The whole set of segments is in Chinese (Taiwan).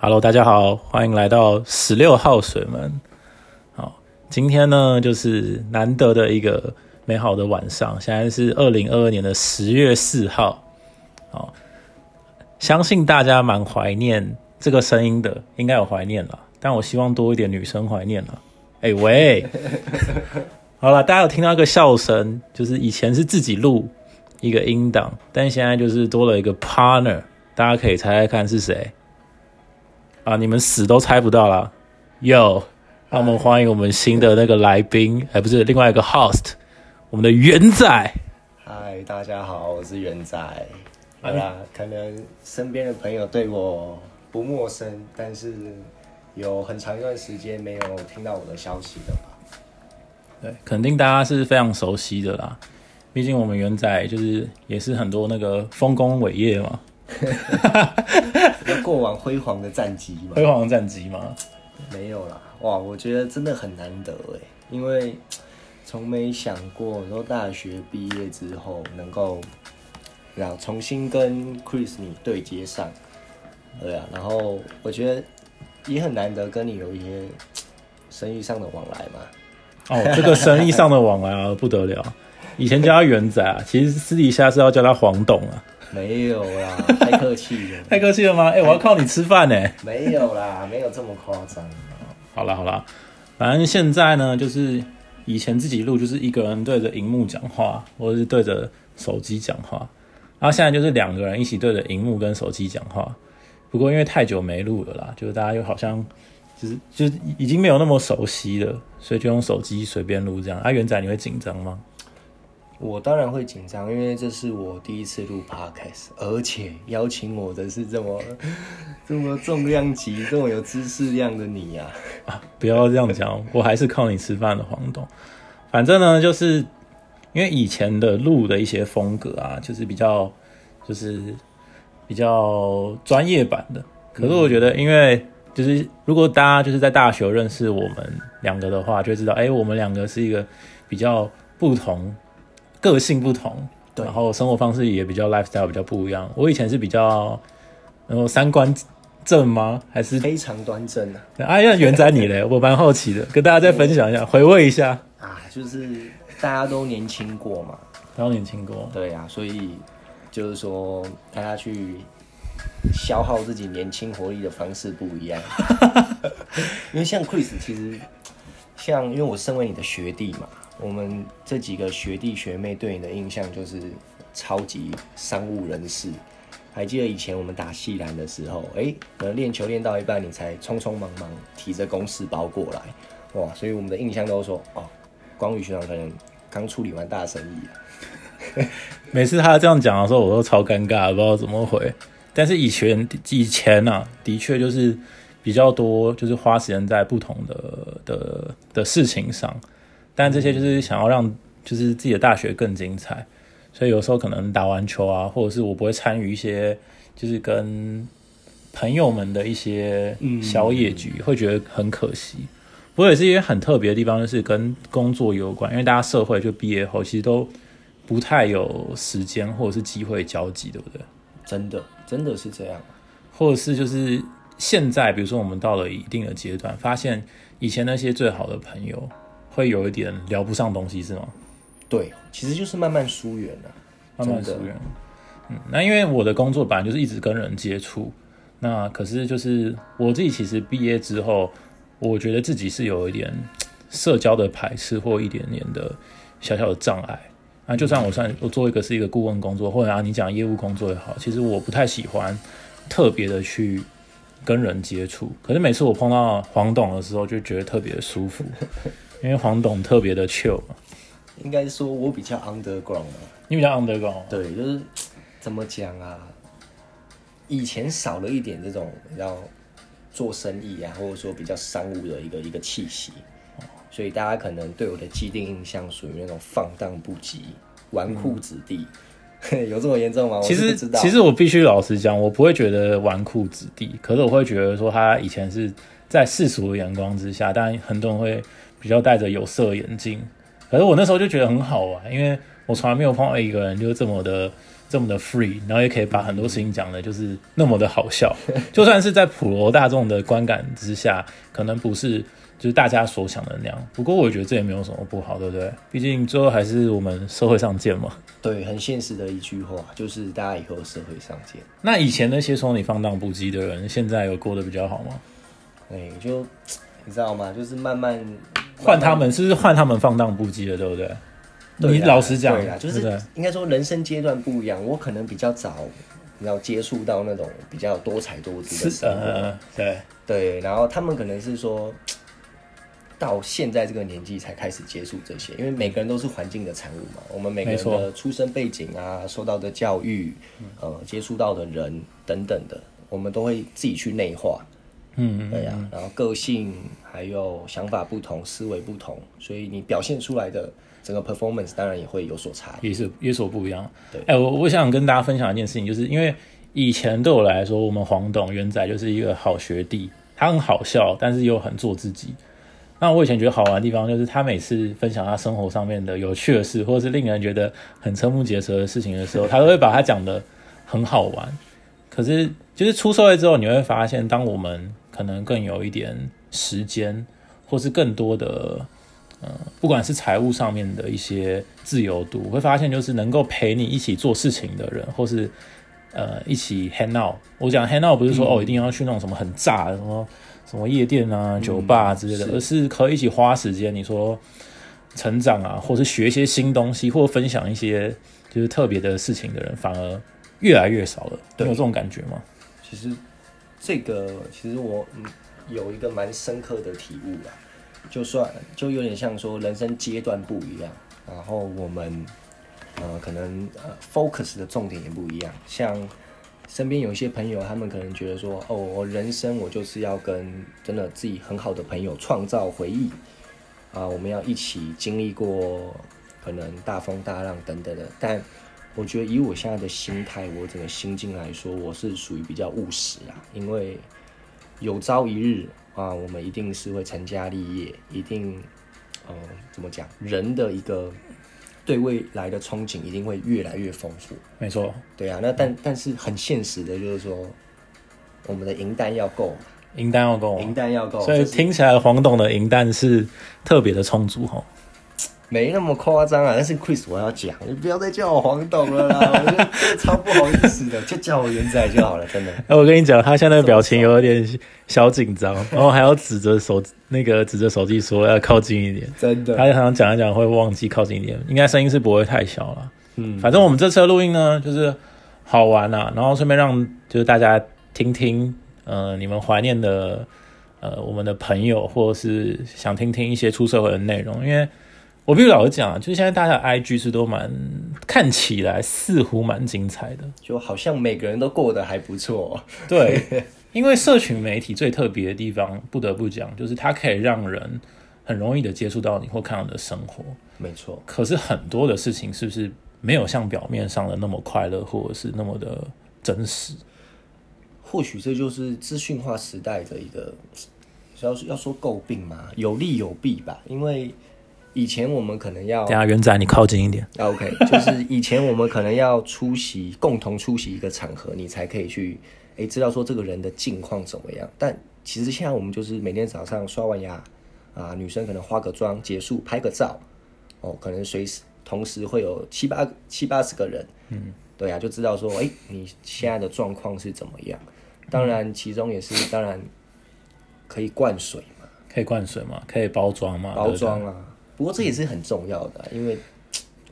哈嘍，Hello, 大家好，歡迎來到十六號水門。哦，今天呢就是難得的一個美好的晚上。現在是二零二二年的十月四號。哦。相信大家蠻懷念這個聲音的，應該有懷念了。但我希望多一點女生懷念了。哎，喂，好了，大家有聽到一個笑聲，就是以前是自己錄一個音檔，但現在就是多了一個 partner，大家可以猜猜看是誰。啊！你們死都猜不到啦。有。那我們歡迎我們新的那個來賓，對還不是另外一個 host，我們的元仔。嗨，大家好，我是元仔。好、啊、啦，可能身邊的朋友對我不陌生，但是有很長一段時間沒有聽到我的消息了吧？對，肯定大家是非常熟悉的啦，畢竟我們元仔就是也是很多那個豐功偉業嘛。哈哈哈，過往輝煌的戰績嗎？輝煌戰績嗎？沒有啦，哇，我覺得真的很難得哎，因為從沒想過說大學畢業之後能夠，然後重新跟 Chris 你對接上。對啊，然後我覺得也很難得跟你有一些生意上的往來嘛。哦，這個生意上的往來啊， 不得了，以前叫他元仔啊，其實私底下是要叫他黃董啊。沒有啦，太客氣了。 太客氣了嗎？哎、欸，我要靠你吃飯呢、欸。沒有啦，沒有這麼誇張。 好啦好啦，反正現在呢，就是以前自己錄，就是一個人對着熒幕講話，或者是對着手機講話，然後現在就是兩個人一起對着熒幕跟手機講話。不過因為太久沒錄了啦，就是大家又好像就是就是已經沒有那麼熟悉了，所以就用手機隨便錄這樣。啊，元仔你會緊張嗎？我當然會緊張，因為這是我第一次錄 Podcast，而且邀請我的是這麼這麼重量級、 這麼有知識量的你啊。啊，不要這樣講，我還是靠你吃飯的黃董。反正呢，就是因為以前的錄的一些風格啊，就是比較就是比較專業版的。可是我覺得，因為就是如果大家就是在大學認識我們兩個的話，就會知道哎、欸，我們兩個是一個比較不同。個性不同，對，然後生活方式也比較 lifestyle 比較不一樣。我以前是比較，然後，嗯，三觀正嗎？還是非常端正的、啊？啊，呀，原仔你嘞， 我蠻好奇的，跟大家再分享一下，我回味一下啊，就是大家都年輕過嘛，都年輕過，對啊，所以就是說大家去消耗自己年輕活力的方式不一樣， 因為像 Chris，其實像因為我身為你的學弟嘛。我們這幾個學弟學妹對你的印象就是超級商務人士。還記得以前我們打系籃的時候，哎，可能練球練到一半，你才匆匆忙忙提着公事包過來，哇！所以我們的印象都是說，哦，光宇學長可能剛處理完大生意。每次他這樣講的時候，我都超尷尬，不知道怎麼回。但是以前的以前呢、啊，的確就是比較多，就是花時間在不同的的的事情上。但這些就是想要讓就是自己的大學更精彩，所以有時候可能打完球啊，或者是我不會參與一些就是跟朋友們的一些小野局，嗯、會覺得很可惜。不過也是一些很特別的地方，就是跟工作有關，因為大家社會就畢業後其實都不太有時間或者是機會交集，對不對？真的，真的是這樣。或者是就是現在，比如說我們到了一定的階段，發現以前那些最好的朋友。會有一點聊不上東西是嗎？對，其實就是慢慢疏遠了、啊，慢慢疏遠了。的嗯，那因為我的工作本來就是一直跟人接觸，那可是就是我自己其實畢業之後，我覺得自己是有一點社交的排斥或一點點的小小的障礙。那就算我算我做一個是一個顧問工作，或者啊你講業務工作也好，其實我不太喜歡特別的去跟人接觸。可是每次我碰到黃董的時候，就覺得特別舒服。 因為黃董特別的秀。應該說我比較 underground，你比較 underground，、啊、對，就是怎麼講啊？以前少了一點這種要做生意啊，或者說比較商務的一個一個氣息，所以大家可能對我的既定印象屬於那種放蕩不羈、紈絝子弟，嗯、 有這麼嚴重嗎？其實，其實我必須老實講，我不會覺得紈絝子弟，可是我會覺得說他以前是在世俗的眼光之下，但很多人會。比較戴着有色眼鏡，可是我那時候就覺得很好啊。因為我從來沒有碰到一個人就是這麼的、這麼的 free，然後也可以把很多事情講的，就是那麼的好笑。就算是在普羅大眾的觀感之下，可能不是就是大家所想的那樣。不過我覺得這也沒有什麼不好，對不對？畢竟最後還是我們社會上見嘛。對，很現實的一句話就是，大家以後社會上見。那以前那些說你放蕩不羈的人，現在有過得比較好嗎？對，就你知道嗎？就是慢慢。換他們滿是不是換他們放蕩不羈了，對不對？對啦你老實講，對，就是應該說人生階段不一樣。我可能比較早要接觸到那種比較多才多藝的是嗯嗯嗯，對對。然後他們可能是說，到現在這個年紀才開始接觸這些，因為每個人都是環境的產物嘛。我們每個人的出生背景啊，錯受到的教育，呃，接觸到的人等等的，我們都會自己去內化。嗯，嗯，對呀、啊，然後個性還有想法不同，思維不同，所以你表現出來的整個 performance 當然也會有所差異也，也是有所不不一樣。對，哎、欸，我我想跟大家分享一件事情，就是因為以前對我來說，我們黃董元仔就是一個好學弟，他很好笑，但是又很做自己。那我以前覺得好玩的地方就是他每次分享他生活上面的有趣的事，或者是令人覺得很瞠目結舌的事情的時候， 他都會把他講得很好玩。可是就是出社會之後，你會發現，當我們可能更有一點時間，或是更多的，呃，不管是財務上面的一些自由度，會發現就是能夠陪你一起做事情的人，或是呃一起 hang out。我講 hang out 不是說、嗯、哦一定要去那種什麼很炸的什麼什麼夜店啊、嗯、酒吧之類的，是而是可以一起花時間。你說成長啊，或是學一些新東西，或分享一些就是特別的事情的人，反而越來越少了。對有這種感覺嗎？其實。這個其實我、嗯、有一個蠻深刻的體悟，啊，就算就有點像說人生階段不一樣，然後我們呃可能呃 focus 的重點也不一樣。像身邊有一些朋友，他們可能覺得說，哦，我人生我就是要跟真的自己很好的朋友創造回憶啊、呃，我們要一起經歷過可能大風大浪等等的，但。我覺得以我現在的心態，我整個心境來說，我是屬於比較務實啊。因為有朝一日啊，我們一定是會成家立業，一定嗯、呃、怎麼講？人的一個對未來的憧憬一定會越來越豐富。沒錯，對啊。那但、嗯、但是很現實的就是說，我們的銀單要夠嘛？銀單要夠，銀單要夠啊。所以聽起來黃董的銀單是特別的充足哈。沒那麼誇張啊，但是 Chris，我要講，你不要再叫我黃董了啦， 我就超不好意思的， 就叫我元仔就好了，真的。啊、我跟你講，他現在的表情有點小緊張， 然後還要指着手那個指着手機說要靠近一點，真的。他就常常講一講會忘記靠近一點，應該聲音是不會太小了。嗯，反正我們這次錄音呢，就是好玩啦、啊、然後順便讓就是大家聽聽，呃，你們懷念的，呃，我們的朋友，或者是想聽聽一些出社會的內容，因為。我必須老實講啊，就是現在大家的 IG 是都蠻看起來似乎蠻精彩的，就好像每個人都過得還不錯。對， 因為社群媒體最特別的地方，不得不講，就是它可以讓人很容易的接觸到你或看到你的生活。沒錯，可是很多的事情是不是沒有像表面上的那麼快樂，或者是那麼的真實？或許這就是資訊化時代的一個，要說要說詬病嘛，有利有弊吧，因為。以前我們可能要等下元仔，你靠近一點。OK，就是以前我們可能要出席 共同出席一個場合，你才可以去誒知道說這個人的近況怎麼樣。但其實現在我們就是每天早上刷完牙，啊、呃，女生可能化個妝結束拍個照，哦，可能隨時同時會有七八七八十個人，嗯，對呀、啊，就知道說哎你現在的狀況是怎麼樣。當然，其中也是、嗯、當然可以灌水嘛，可以灌水嘛，可以包裝嘛，包裝啊。對不過，這也是很重要的，因為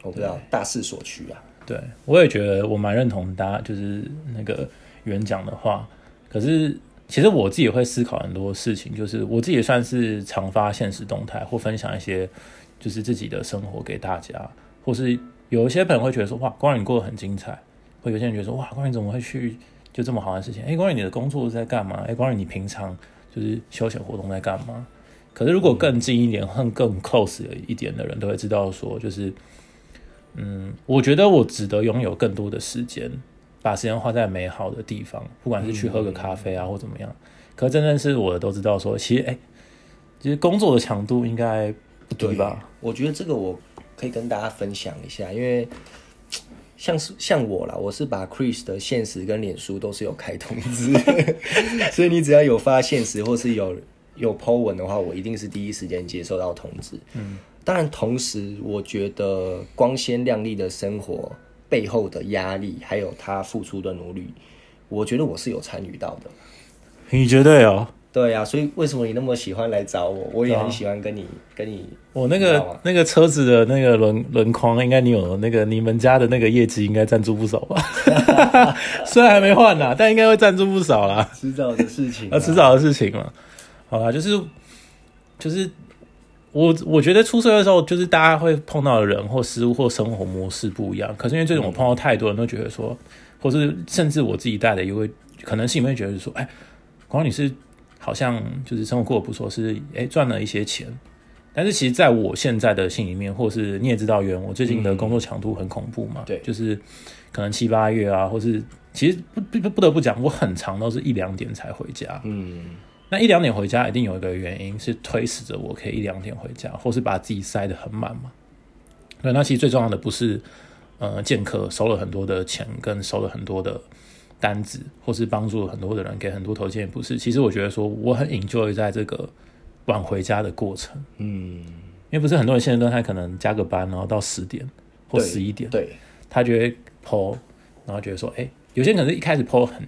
我不知道對大勢所趨啊。對，我也覺得我蠻認同大家就是那個原講的話。可是其實我自己也會思考很多事情，就是我自己也算是常發限時動態或分享一些就是自己的生活給大家，或是有一些朋友會覺得說哇，關於你過得很精彩；或有些人覺得說哇，關於你怎麼會去就這麼好的事情？誒，關於你的工作是在幹嘛？誒，關於你平常就是休閒活動在幹嘛？可是，如果更近一點，或更 close 一點的人，都會知道說，就是，嗯，我覺得我值得擁有更多的時間，把時間花在美好的地方，不管是去喝個咖啡啊，或怎麼樣。嗯、可是真正是我的都知道說，其實，哎、欸，其實工作的強度應該不對吧對？我覺得這個我可以跟大家分享一下，因為像是像我啦，我是把 Chris 的現實跟臉書都是有開通知， 所以你只要有發現實或是有。有 po 文的話，我一定是第一時間接收到通知。當然、嗯，同時我覺得光鮮亮麗的生活背後的壓力，還有他付出的努力，我覺得我是有參與到的。你覺得有、喔？對啊？所以為什麼你那麼喜歡來找我？我也很喜歡跟你、啊、跟你。我那個那個車子的那個輪輪框，應該你有那個你們家的那個業績，應該贊助不少吧？哈哈哈哈，雖然還沒換呢， 但應該會贊助不少啦。遲早的事情，啊，遲早的事情嘛。好啦，就是，就是我我覺得出社會的時候，就是大家會碰到的人或事物或生活模式不一樣。可是因為最近我碰到太多人都覺得說，嗯、或是甚至我自己帶的，也會可能性裡面會覺得說，哎、欸，光女士好像就是生活過得不錯，是哎賺了一些錢。但是其實在我現在的心裡面，或是你也知道原，原我最近的工作強度很恐怖嘛，嗯、對，就是可能七八月啊，或是其實不不不得不講，我很長都是一兩點才回家，嗯。那一兩點回家，一定有一個原因是推遲着我可以一兩點回家，或是把自己塞得很滿嘛，對，那其實最重要的不是，呃，見客收了很多的錢，跟收了很多的單子，或是幫助了很多的人，給很多投錢也不是。其實我覺得說，我很 enjoy 在這個晚回家的過程，嗯，因為不是很多人現在都他可能加個班，然後到十點或十一點，對，對，他覺得 po，然後覺得說，哎，有些人可能一開始 po 很。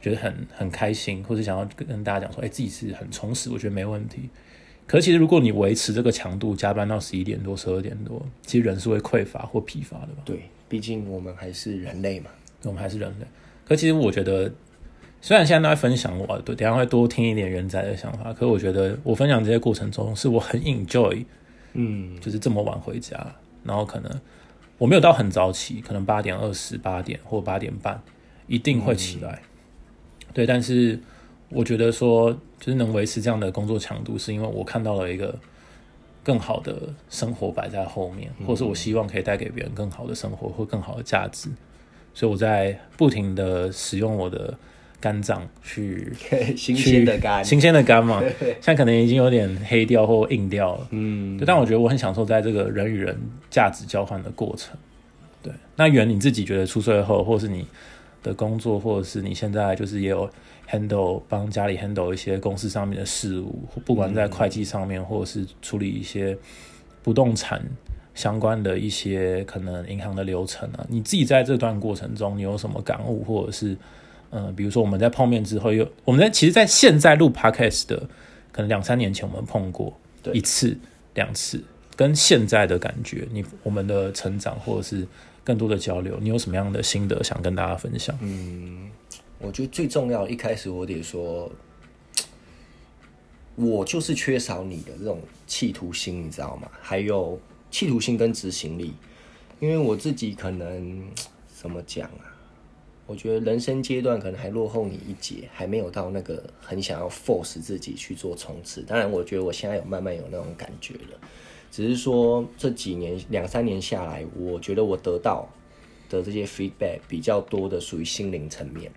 覺得很很開心，或是想要跟大家講說，哎、欸，自己是很充實，我覺得沒問題。可是其實如果你維持這個強度加班到十一點多、十二點多，其實人是會匱乏或疲乏的吧？對，畢竟我們還是人類嘛，我們還是人類。可其實我覺得，雖然現在都在分享我，我對等下會多聽一點人仔的想法。可是我覺得我分享這些過程中，是我很 enjoy，嗯，就是這麼晚回家，嗯、然後可能我沒有到很早起，可能八點二十、八點或八點半一定會起來。嗯對，但是我覺得說，就是能維持這樣的工作強度，是因為我看到了一個更好的生活擺在後面，嗯嗯，或是我希望可以帶給別人更好的生活或更好的價值，嗯、所以我在不停的使用我的肝臟去新鮮的肝，新鮮的肝嘛，現在 可能已經有點黑掉或硬掉了，嗯、嗯，但我覺得我很享受在這個人與人價值交換的過程。對，那原你自己覺得出社會後，或是你？的工作，或者是你現在就是也有 handle 幫家裡 handle 一些公司上面的事務，不管在會計上面，嗯、或者是處理一些不動産相關的一些可能銀行的流程啊。你自己在這段過程中，你有什麼感悟，或者是嗯、呃，比如說我們在碰面之後，又我們在其實，在現在錄 podcast 的可能兩三年前我們碰過一次對兩次，跟現在的感覺，你我們的成長或者是。更多的交流，你有什麼樣的心得想跟大家分享？嗯，我覺得最重要，一開始我得說，我就是缺少你的這種企圖心，你知道嗎？還有企圖心跟執行力，因為我自己可能怎麼講啊？我覺得人生階段可能還落後你一截，還沒有到那個很想要 force 自己去做衝刺。當然，我覺得我現在有慢慢有那種感覺了。只是說這幾年兩三年下來，我覺得我得到的這些 feedback 比較多的屬於心靈層面，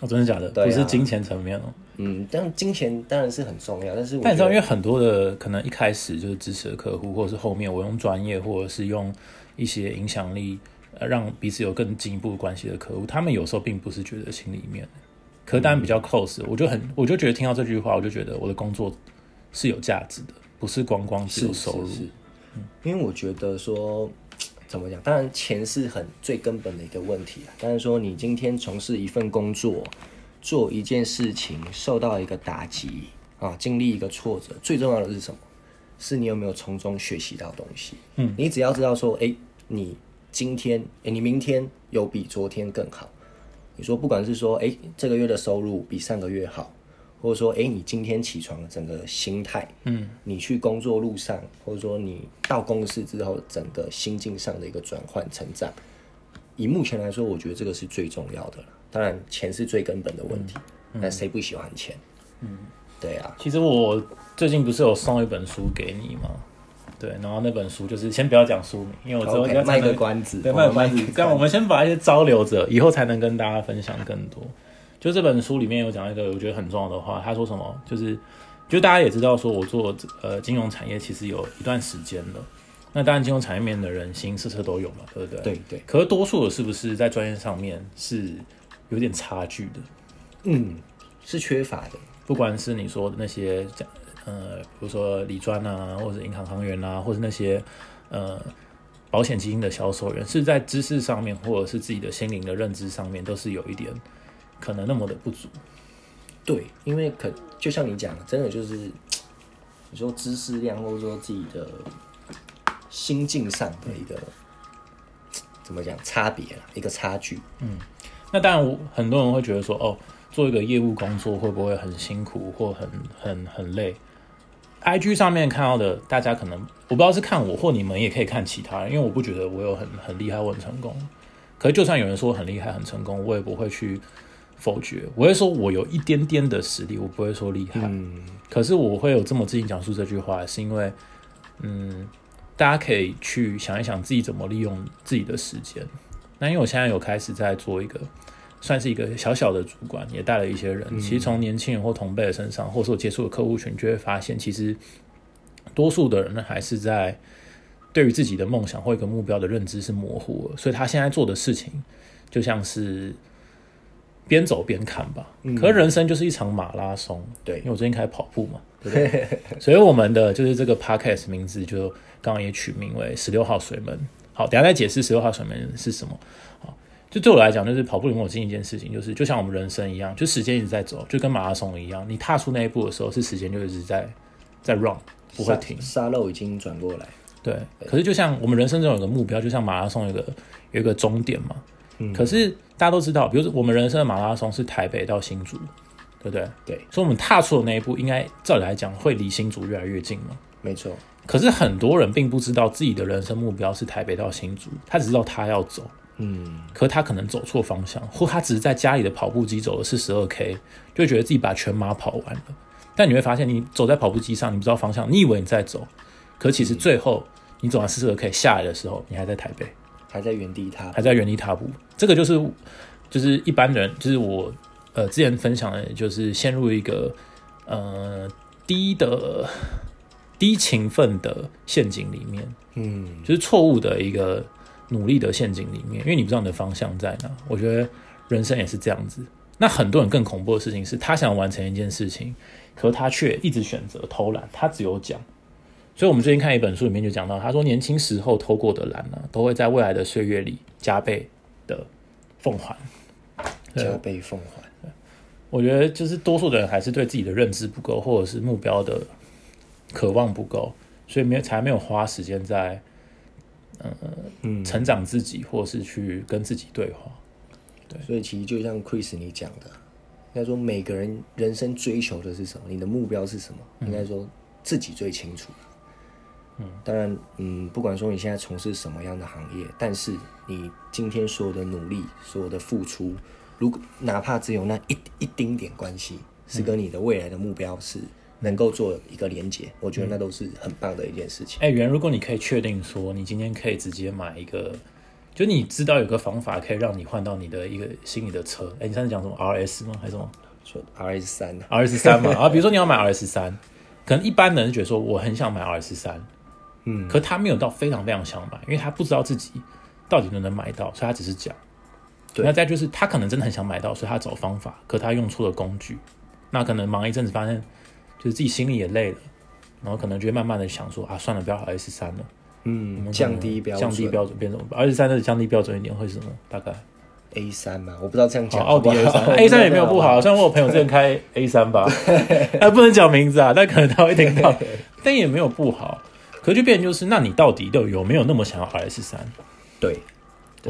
哦，真的假的？不、啊、是金錢層面哦。嗯，但金錢當然是很重要，但是我但你知道，因為很多的可能一開始就是支持的客戶，或者是後面我用專業或者是用一些影響力，呃，讓彼此有更進一步關係的客戶，他們有時候並不是覺得心裡面可是當然比較 close，、嗯、我就很我就覺得聽到這句話，我就覺得我的工作是有價值的，不是光光是有收入。是是是嗯，因為我覺得說，怎麼講？當然錢是很最根本的一個問題啊。但是說你今天從事一份工作，做一件事情，受到一個打擊啊，經歷一個挫折，最重要的是什麼？是你有沒有從中學習到東西。嗯，你只要知道說，欸，你今天，欸，你明天有比昨天更好。你說不管是說，欸，這個月的收入比上個月好。或者說，哎，欸，你今天起床整個心態，嗯，你去工作路上，或者說你到公司之後，整個心境上的一個轉換成長，以目前來說，我覺得這個是最重要的了。當然，錢是最根本的問題，那誰，嗯嗯、不喜歡錢？嗯，對啊。其實我最近不是有送一本書給你嗎？對，然後那本書就是先不要講書名，因為我之後要賣個關子，對，賣個關子。對，哦，嗯、但我們先把一些招留著， 以後才能跟大家分享更多。就這本書裡面有講一個我覺得很重要的話。他說什麼？就是，就大家也知道，說我做呃金融產業其實有一段時間了。那當然，金融產業面的人形形色色都有嘛，對不對？對對。對可是多數的是不是在專業上面是有點差距的？嗯，是缺乏的。不管是你說的那些，講呃，比如說理專啊，或者是銀行行員啊，或者是那些呃保險基金的銷售員，是在知識上面，或者是自己的心靈的認知上面，都是有一點可能那麼的不足，對，因為可就像你講的，真的就是你說知識量，或者說自己的心境上的一個怎麼講差別，一個差距。嗯，那當然我，很多人會覺得說，哦，做一個業務工作會不會很辛苦或很很很累？IG 上面看到的，大家可能我不知道是看我或你們也可以看其他人，因為我不覺得我有很很厲害或很成功。可是就算有人說很厲害很成功，我也不會去。否決，我會說我有一點點的實力，我不會說厲害。嗯，可是我會有這麼自信講述這句話，是因為，嗯，大家可以去想一想自己怎麼利用自己的時間。那因為我現在有開始在做一個，算是一個小小的主管，也帶了一些人。嗯，其實從年輕人或同輩的身上，或者我接觸的客戶群，就會發現，其實多數的人呢，還是在對於自己的夢想或一個目標的認知是模糊的，所以他現在做的事情，就像是。邊走邊看吧，嗯、可是人生就是一場馬拉松。對，對 因為我最近開始跑步嘛， 所以我們的就是這個 podcast 名字就剛剛也取名為十六號水門。好，等下再解釋十六號水門是什麼。好，就對我來講，就是跑步對我最近一件事情，就是就像我們人生一樣，就時間一直在走，就跟馬拉松一樣，你踏出那一步的時候，是時間就一直在在 run，不會停。沙漏已經轉過來。對，對 可是就像我們人生中有個目標，就像馬拉松有個有一個終點嘛。可是大家都知道，比如說我們人生的馬拉松是台北到新竹，對不對？對，所以我們踏出的那一步，應該照理來講會離新竹越來越近嘛。沒錯。可是很多人並不知道自己的人生目標是台北到新竹，他只知道他要走。嗯。可他可能走錯方向，或他只是在家裡的跑步機走了四十二 K，就覺得自己把全馬跑完了。但你會發現，你走在跑步機上，你不知道方向，你以為你在走，可其實最後、嗯、你走完四十二 K 下來的時候，你還在台北。還在原地踏步，還在原地踏步，這個就是，就是一般人，就是我，呃，之前分享的，就是陷入一個，呃，低的，低勤奮的陷阱裡面，嗯，就是錯誤的一個努力的陷阱裡面，因為你不知道你的方向在哪兒。我覺得人生也是這樣子。那很多人更恐怖的事情是他想完成一件事情，可他卻一直選擇偷懶，他只有講。所以，我們最近看一本書，裡面就講到，他說，年輕時候偷過的懶呢，都會在未來的歲月裡加倍的奉還。加倍奉還。我覺得，就是多數的人還是對自己的認知不夠，或者是目標的渴望不夠，所以沒才沒有花時間在，呃，嗯成長自己，或者是去跟自己對話。對。所以，其實就像 Chris 你講的，應該說每個人人生追求的是什麼，你的目標是什麼，應該說自己最清楚。嗯。嗯、當然，嗯，不管說你現在從事什麼樣的行業，但是你今天所有的努力、所有的付出，如果哪怕只有那一一丁點關係，是跟你的未來的目標是能夠做一個連接，嗯、我覺得那都是很棒的一件事情。哎、嗯，原、嗯欸，如果你可以確定說你今天可以直接買一個，就你知道有個方法可以讓你換到你的一個心儀的車，哎、欸，你上次講什麼 RS 嗎？還是什麼？說 RS 三，RS 三嘛。 啊，比如說你要買 RS 三，可能一般人覺得說我很想買 RS 三。嗯，可他沒有到非常非常想買，因為他不知道自己到底能不能買到，所以他只是講。那再就是他可能真的很想買到，所以他找方法，可他用錯了工具。那可能忙一陣子，發現就是自己心裡也累了，然後可能就會慢慢的想說啊，算了，不要 S3 了。嗯，降低標準，降低標準變成 S3，真的降低標準一點會是什麼？大概 A 三嘛，我不知道這樣講。奧迪 A 三。A 三也沒有不好，雖然我朋友之前開 A 三吧，不能講名字啊，但可能他會聽到，但也沒有不好。可就變成就是，那你到底都有有沒有那麼想要 RS3？對，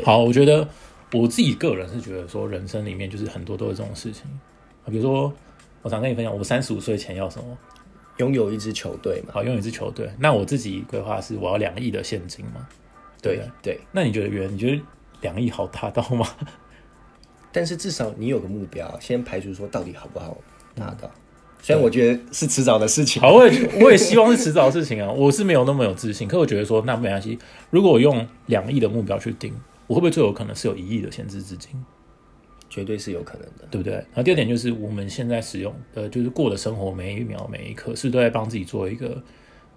好，我覺得我自己個人是覺得說，人生裡面就是很多都是這種事情。比如說，我常跟你分享，我三十五歲前要什麼？擁有一支球隊嘛。好，擁有一支球隊。那我自己規劃是，我要兩億的現金嘛，對對。對對，那你覺得原，覺你覺得兩億好達到嗎？ 但是至少你有個目標，先排除說到底好不好拿到。所以我覺得是遲早的事情。好，我也我也希望是遲早的事情啊。 我是沒有那麼有自信，可我覺得說那沒關係。如果我用兩億的目標去定，我會不會最有可能是有一億的閒置資金？絕對是有可能的，對不對？然後第二點就是對我們現在使用，呃，就是過的生活，每一秒、每一刻，是都在幫自己做一個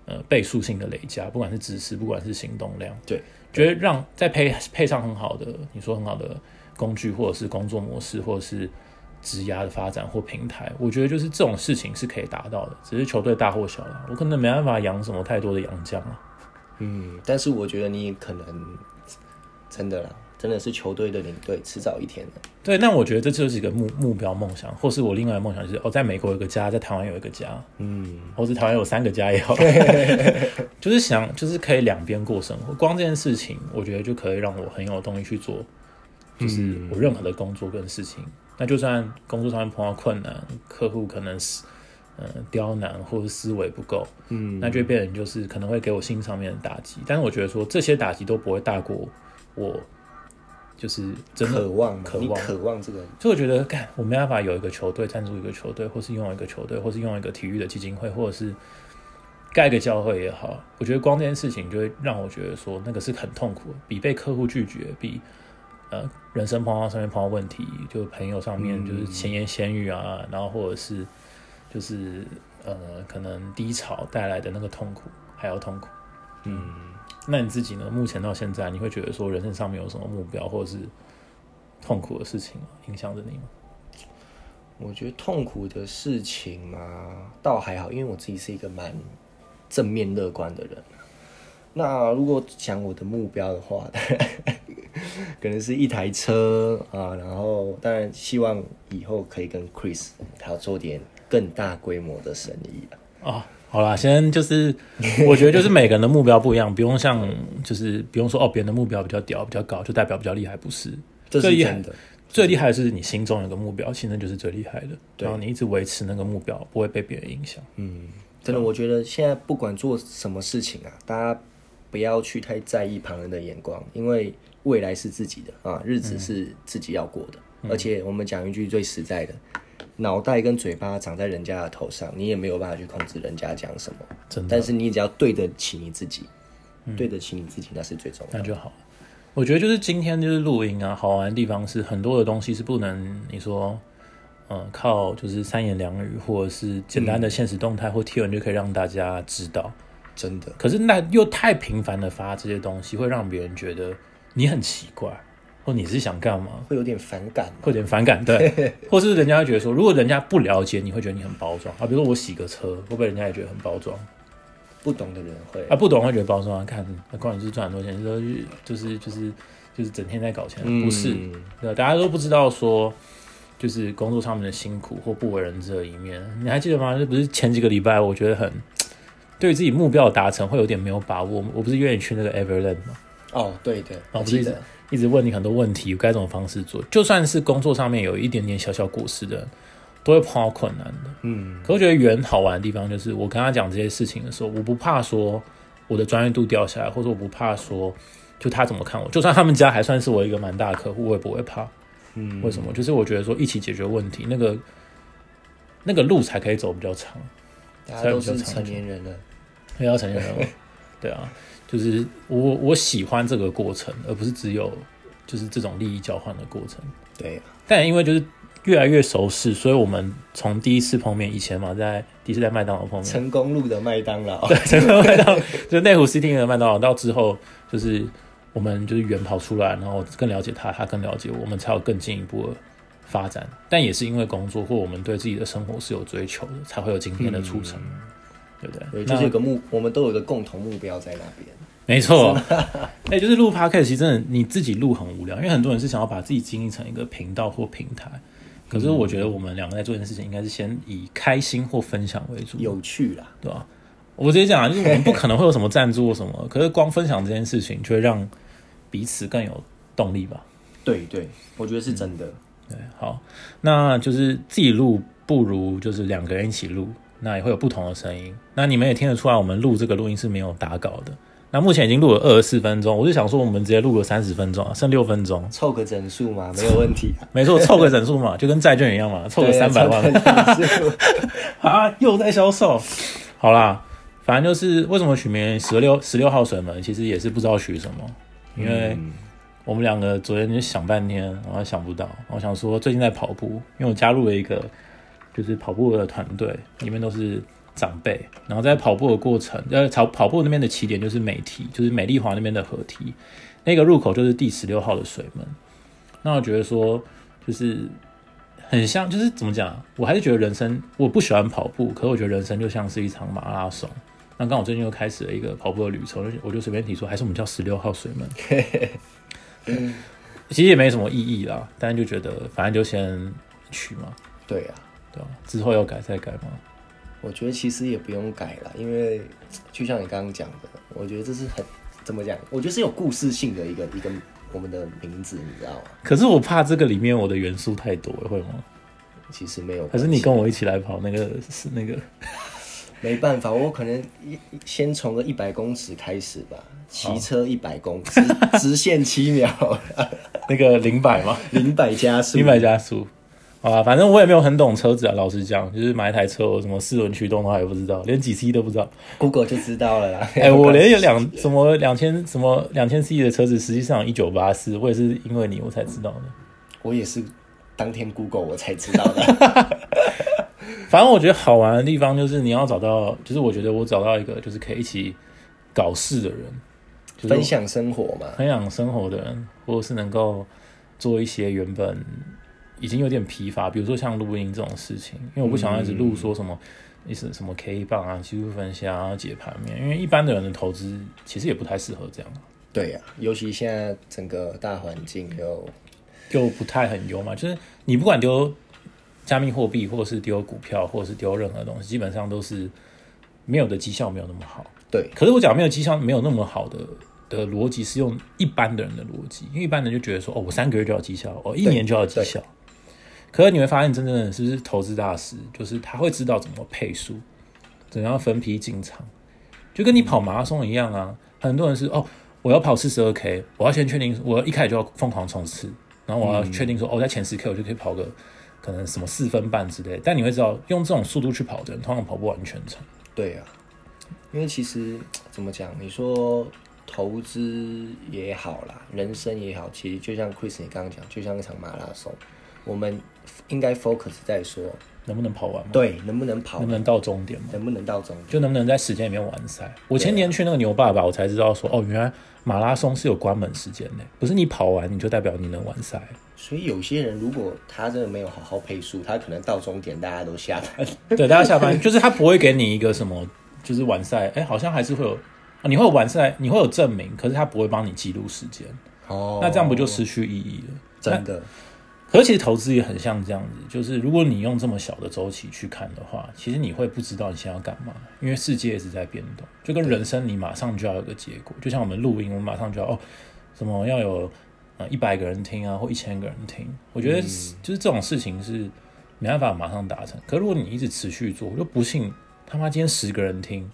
呃倍數性的累加，不管是知識，不管是行動量，對，覺得讓再配配上很好的，你說很好的工具，或者是工作模式，或者是。質押的發展或平台，我覺得就是這種事情是可以達到的，只是球隊大或小了，我可能沒辦法養什麼太多的洋將啊。嗯，但是我覺得你可能真的啦，真的是球隊的領隊，遲早一天的。對，那我覺得這就是一個目目標夢想，或是我另外的夢想，就是哦，在美國有一個家，在台灣有一個家。嗯，或者台灣有三個家也好， 就是想就是可以兩邊過生活。光這件事情，我覺得就可以讓我很有動力去做，就是我任何的工作跟事情。那就算工作上面碰到困難，客戶可能是，呃，刁難或者思維不夠，嗯，那就會變成就是可能會給我心上面的打擊。但是我覺得說這些打擊都不會大過我，就是真的渴望渴望渴望這個人。所以我覺得，干我沒辦法有一個球隊贊助一個球隊，或是用一個球隊，或是用一個體育的基金會，或者是蓋個教會也好。我覺得光這件事情就會讓我覺得說那個是很痛苦的，比被客戶拒絕比。呃，人生碰到上面碰到問題，就是朋友上面就是閒言閒語啊，嗯、然後或者是就是呃，可能低潮帶來的那個痛苦還要痛苦。嗯，那你自己呢？目前到現在，你會覺得說人生上面有什麼目標，或者是痛苦的事情啊、影響着你嗎？我覺得痛苦的事情嘛、啊，倒還好，因為我自己是一個蠻正面樂觀的人。那如果講我的目標的話，可能是一台車啊，然後當然希望以後可以跟 Chris 他要做點更大規模的生意啊，啊。好啦，先就是我覺得就是每個人的目標不一樣， 不用像就是不用說哦，別人的目標比較屌比較高，就代表比較厲害，不是，這是最厲害的。最厲害的是你心中有個目標，其實就是最厲害的。然後你一直維持那個目標，不會被別人影響。對嗯，真的，啊、我覺得現在不管做什麼事情啊，大家。不要去太在意旁人的眼光，因為未來是自己的啊，日子是自己要過的。嗯、而且我們講一句最實在的，嗯、腦袋跟嘴巴長在人家的頭上，你也沒有辦法去控制人家講什麼。真的，但是你只要對得起你自己，嗯、對得起你自己，那是最重要的。那就好。我覺得就是今天就是錄音啊，好玩的地方是很多的東西是不能你說，嗯、呃，靠就是三言兩語或者是簡單的限時動態或貼文就可以讓大家知道。嗯真的，可是那又太頻繁的發這些東西，會讓別人覺得你很奇怪，或你是想幹嘛？會有點反感，會有點反感，對。 或是人家會覺得說，如果人家不了解你，你會覺得你很包裝啊。比如說我洗個車，會不會人家也覺得很包裝？不懂的人會啊，不懂會覺得包裝，啊。看那光你就是賺很多錢，就是就是就是就是整天在搞錢，啊，不是？嗯、對，大家都不知道說，就是工作上面的辛苦或不為人知的一面。你還記得嗎？這不是前幾個禮拜，我覺得很。對自己目標的達成會有點沒有把握。我不是願意去那個 Everland 嗎？哦，oh, 對對，我記得一直問你很多問題，有該怎麼方式做？就算是工作上面有一點點小小故事的，都會碰到困難的。嗯，可我覺得圓好玩的地方就是，我跟他講這些事情的時候，我不怕說我的專業度掉下來，或者我不怕說就他怎麼看我，就算他們家還算是我一個蠻大的客戶，我也不會怕。嗯，為什麼？就是我覺得說一起解決問題，那個那個路才可以走比較長。大家都是成年人了。也要成就很多，對啊，就是我我喜歡這個過程，而不是只有就是這種利益交換的過程。對啊，但因為就是越來越熟悉，所以我們從第一次碰面以前嘛，在第一次在麥當勞碰面成勞，成功路的麥當勞，對，成功路麥當，就內湖 city 的麥當勞，到之後就是我們就是遠跑出來，然後更了解他，他更了解我,我們，才有更進一步的發展。但也是因為工作或我們對自己的生活是有追求的，才會有今天的促成。嗯對對，對？那就是有個目，我們都有個共同目標在那邊。沒錯錯，哎嗎、欸，就是錄 podcast，其實真的你自己錄很無聊，因為很多人是想要把自己經營成一個頻道或平台。嗯、可是我覺得我們兩個在做這件事情，應該是先以開心或分享為主，有趣啦，對吧、啊？我直接講、啊，就是我們不可能會有什麼贊助或什麼。 可是光分享這件事情，就會讓彼此更有動力吧？對對，我覺得是真的。對，好，那就是自己錄不如就是兩個人一起錄。那也會有不同的聲音，那你們也聽得出來，我們錄這個錄音是沒有打稿的。那目前已經錄了二十四分鐘，我就想說我們直接錄個三十分鐘，啊，剩六分鐘湊個整數嘛，沒有問題。 沒錯，湊個整數嘛，就跟債券一樣嘛，湊個三百萬。 啊，又在銷售。 好啦，反正就是為什麼取名十六十六號水門，其實也是不知道取什麼，因為我們兩個昨天就想半天，然後想不到。我想說最近在跑步，因為我加入了一個。就是跑步的團隊，裡面都是長輩。然後在跑步的過程，呃，跑跑步那邊的起點就是美體，就是美麗華那邊的河堤，那個入口就是第十六號的水門。那我覺得說，就是很像，就是怎麼講？我還是覺得人生，我不喜歡跑步，可是我覺得人生就像是一場馬拉松。那剛好我最近又開始了一個跑步的旅程，我就隨便提出，還是我們叫十六號水門。 其實也沒什麼意義啦，但就覺得反正就先取嘛。對呀、啊。對，之後要改再改嗎？我覺得其實也不用改了，因為就像你剛剛講的，我覺得這是很怎麼講？我覺得是有故事性的一個一個我們的名字，你知道嗎？可是我怕這個裡面我的元素太多，會嗎？其實沒有。可是你跟我一起來跑那個是那個，沒辦法，我可能一先從個一百公尺開始吧，騎車一百公尺好，直線七秒， 那個零百嗎？零百加速，零百加速。啊，反正我也沒有很懂車子啊。老實講，就是買一台車，我什麼四輪驅動的話也不知道，連幾 C 都不知道，Google 就知道了啦。哎、欸，我連有兩什麼兩千什麼兩千 C 的車子，實際上一九八四，我也是因為你我才知道的。我也是當天 Google 我才知道的。 反正我覺得好玩的地方就是你要找到，就是我覺得我找到一個就是可以一起搞事的人，就是，分享生活嘛，分享生活的人，或者是能夠做一些原本，已經有點疲乏，比如說像錄音這種事情，因為我不想要一直錄說什麼意思，什麼 K 棒啊、技術分析啊、解盤面，因為一般的人的投資其實也不太適合這樣。對呀、啊，尤其現在整個大環境又就不太很優嘛，就是你不管丟加密貨幣，或者是丟股票，或者是丟任何東西，基本上都是沒有的績效沒有那麼好。對，可是我講沒有績效沒有那麼好的的邏輯是用一般的人的邏輯，因為一般人就覺得說哦，我三個月就要績效，哦，一年就要績效。可是你會發現，真正的是不是投資大師？就是他會知道怎麼配速，怎樣分批進場，就跟你跑馬拉松一樣啊。很多人是哦，我要跑四十二 k，我要先確定，我一開始就要瘋狂衝刺，然後我要確定說，嗯、哦，在前十 k 我就可以跑個可能什麼四分半之類。但你會知道，用這種速度去跑的人，通常跑不完全程。對啊，因為其實怎麼講？你說投資也好啦，人生也好，其實就像 Chris 你剛剛講，就像一場馬拉松，我們。應該 focus 在說能不能跑完嗎？對，能不能跑？能不能到終點嗎？能不能到終點？就能不能在時間裡面完賽？啊、我前年去那個牛爸爸，我才知道說哦，原來馬拉松是有關門時間的。不是你跑完你就代表你能完賽。所以有些人如果他真的沒有好好配速，他可能到終點大家都下班。呃、對，大家下班， 就是他不會給你一個什麼，就是完賽。哎，好像還是會有啊、哦，你會有完賽，你會有證明，可是他不會幫你記錄時間。哦，那這樣不就失去意義了？真的。而其實投資也很像這樣子，就是如果你用這麼小的周期去看的話，其實你會不知道你想要幹嘛，因為世界一直在變動，就跟人生你馬上就要有個結果，對就像我們錄音，我們馬上就要哦什麼要有、呃、一百個人聽啊或一千個人聽，我覺得是、嗯、就是這種事情是沒辦法馬上達成。可如果你一直持續做，我就不信他媽今天十個人聽，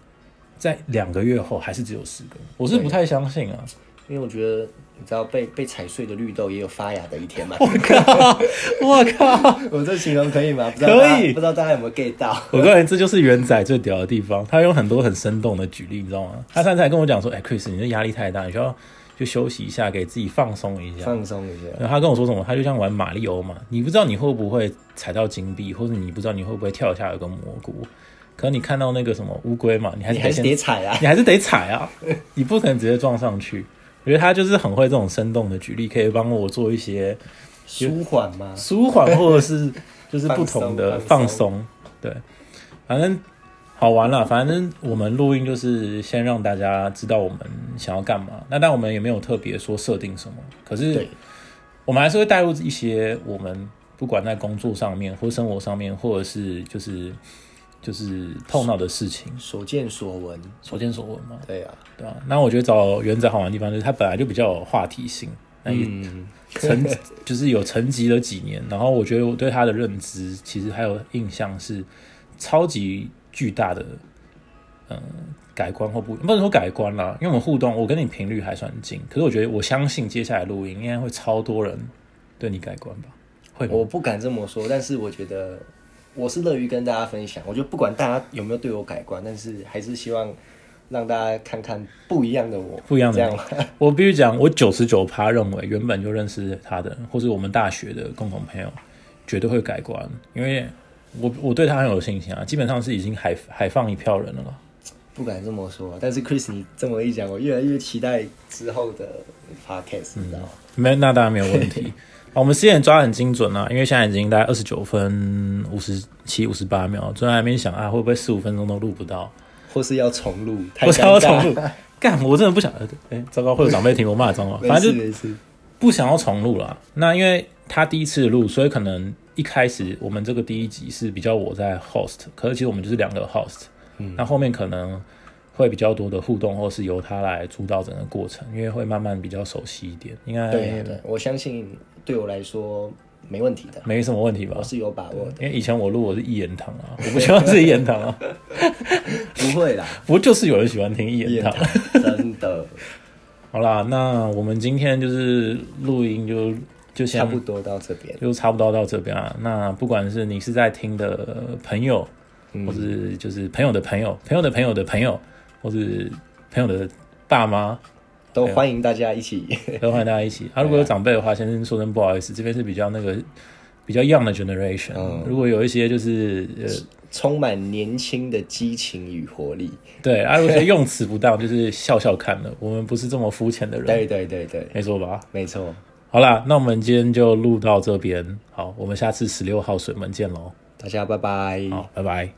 在兩個月後還是只有十個人，我是不太相信啊。因為我覺得，你知道被被踩碎的綠豆也有發芽的一天嘛？我靠！我靠！我這形容可以嗎？不知道可以，不知道大家有沒有 get 到？我個人 這就是元仔最屌的地方，他用很多很生動的舉例，你知道嗎？他上次還跟我講說，哎，Chris，你的壓力太大，你需要去休息一下，給自己放鬆一下，放鬆一下。然後他跟我說什麼？他就像玩馬里歐嘛，你不知道你會不會踩到金幣，或者你不知道你會不會跳一下有個蘑菇。可能你看到那個什麼烏龜嘛，你還是得踩啊，你還是得踩啊，你不可能直接撞上去。我覺得他就是很會這種生動的舉例，可以幫我做一些舒緩嘛，舒緩或者是就是不同的放鬆，對，反正好玩啦。反正我們錄音就是先讓大家知道我們想要幹嘛，那但我們也沒有特別說設定什麼，可是我們還是會帶入一些我們不管在工作上面或生活上面，或者是就是。就是碰到的事情，所見所聞，所見所聞嘛。對啊，對啊。那我覺得找原則好玩的地方，就是他本來就比較有話題性。嗯，那也沉 就是有沉寂了幾年。然後我覺得我對他的認知，其實還有印象是超級巨大的。嗯，改觀或不不能說改觀啦，因為我們互動，我跟你頻率還算近。可是我覺得，我相信接下來錄音應該會超多人對你改觀吧？會嗎？我不敢這麼說，但是我覺得。我是樂於跟大家分享，我覺得不管大家有沒有對我改觀，但是還是希望讓大家看看不一樣的我，不一樣的樣我須講。我必須講，我九十九趴認為原本就認識他的，或是我們大學的共同朋友，絕對會改觀，因為我我對他很有信心啊。基本上是已經還，還放一票人了嘛。不敢這麼說，但是 Chris，你這麼一講，我越來越期待之後的 Podcast，你知道嗎？沒、嗯，那當然沒有問題。 我們時間抓得很精準啊，因為現在已經大概二十九分五十七、五十八秒，坐在那邊想啊，會不會十五分鐘都錄不到，或是要重錄？不想要重錄，幹， 我真的不想要，欸，糟糕，會有長輩聽我罵髒話， 反正就不想要重錄了。那因為他第一次錄，所以可能一開始我們這個第一集是比較我在 host，可是其實我們就是兩個 host，那，嗯，後面可能。會比較多的互動，或是由他來主導整個過程，因為會慢慢比較熟悉一點。應該，對啊、對，我相信對我來說沒問題的啊，沒什麼問題吧？我是有把握的，因為以前我錄我是一言堂啊，我不喜歡是一言堂啊， 不會啦。不過就是有人喜歡聽一言堂，一言堂真的。 好啦，那我們今天就是錄音就就先差不多到這邊，就差不多到這邊啊。那不管是你是在聽的朋友，或、嗯、是就是朋友的朋友、朋友的朋友的朋友。或是朋友的爸媽都歡迎大家一起，都歡迎大家一起。啊，如果有長輩的話，先生說聲不好意思，啊、這邊是比較那個比較 young 的 generation。嗯、如果有一些就是呃，充滿年輕的激情與活力，對。啊，如果用詞不當， 就是笑笑看了，我們不是這麼膚淺的人。對對對對，沒錯吧？沒錯錯。好啦，那我們今天就錄到這邊。好，我們下次十六號水門見嘍。大家拜拜。好，拜拜。